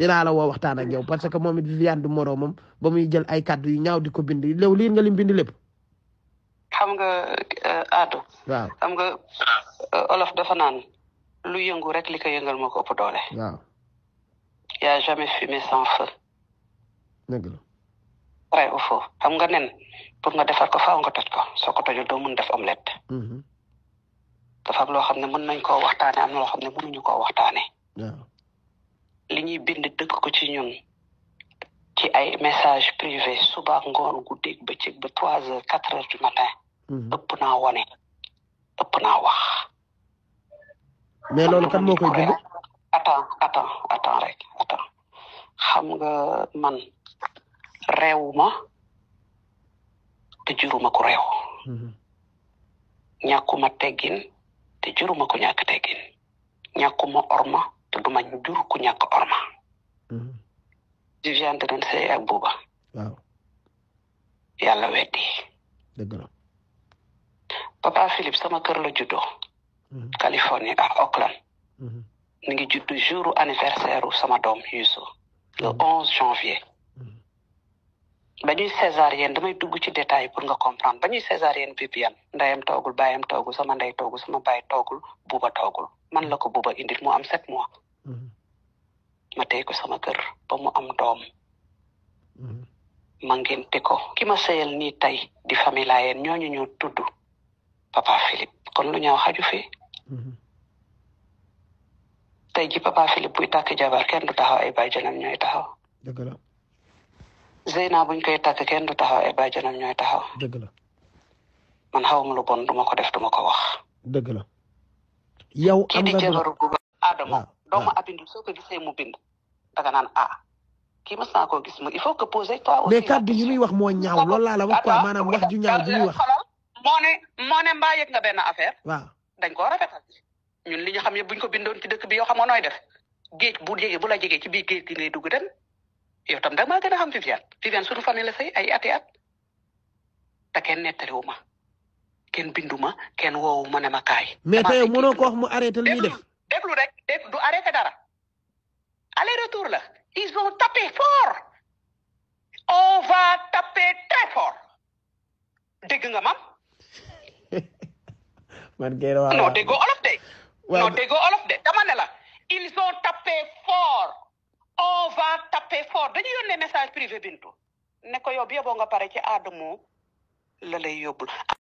dinaa la woo waxtaan a yow parce que moom it Viviane du moroomam ba muy jël ay kàddu yu ñaaw di ko bind léew liir nga lim xam nga euh, Ado. xam nga euh, Olof dafa naan lu yëngu rek li ko yëngal moo ko ëpp waaw. y a jamais fumée sans feu. dëgg la. vrai xam nga nen pour nga defar ko faaw nga toj ko soo ko tojul doo mun def omelette. Mm-hmm. dafa loo xam ne mën nañ koo waxtaanee am na loo xam ne mënuñu koo waxtaanee. waaw. li ñuy bind dëkk ko ci ñun ci ay message privé suba ngoon guddeeg bëccëg ba trois heures quatre heures du matin mhm. ëpp naa wane ëpp na wax mais loolu kan moo koy bind attends attends attends rek attends xam nga man réewuma te juruma ko réew mhm. ñàkkuma teggin te juruma ko ñàkk teggin ñàkkuma orma te bu ma jur ku ñàkk orma. Viviane danañ sëy ak Bouba. waaw. yàlla weddi. dëgg la. papa Philippe sama kër la juddoo. Mhm. Californie ak Oakland. mi mhm. ngi juddu jour anniversaire u sama doom Youssou le mhm. onze janvier. ba ñuy césarienne damay dugg ci détail pour nga comprendre ba ñuy césarienne Viviane ndeyam toogul baayam sama ndey toogul sama baay toogul buuba toogul man la ko buuba indil mu am sept mois. ma tey ko sama kër ba mu am doom mm-hmm. ma ngénte ko ki ma sëyal nii tey di famille laayeen ñooñu ñoo tudd papa Philippe kon lu ñaaw xaju fi mm-hmm. tey ji papa Philippe buy tàkk jabar kenn du taxaw ay bàjjanam ñooy taxaw dëgg na buñ koy tàkk kenn du taxaw ay bàjjanam ñooy taxaw dëgg la man xaw ma lu bon ko def du ko wax dëgg la yow am nga doomu a bindul soo ko gisee mu bind danga naan ah kii mas naa koo gis mu il faut que poser toi wax moo ñaaw loolu laa la wax quoi maanaam wax ju ñaaw ju wax moo ne moo ne mbaa benn affaire waaw dañ ko koo rafetal ñun li ñu xam ne buñ ko bindoon ci dëkk bi yow xamoo nooy def géej bu jege bu la jegee ci biir géej gi ngay dugg dem yo tam da maa gën a xam Viviane Viviane suñu famille la say ay ati at te kenn nettaliwu ma kenn bindu ma kenn woowu ma ne ma kaay mais tey mënoo ko wax mu arrêté def te eh, du arrêté dara aller retour la ils ont tapé fort on va taper très fort dégg nga mam man kay la non déggoo olof de. waaw non déggoo olof de dama ne ils ont tapé fort on taper fort dañu yónnee message privé Bintu ne ko yow nga pare ci Adamo la lay yóbbul.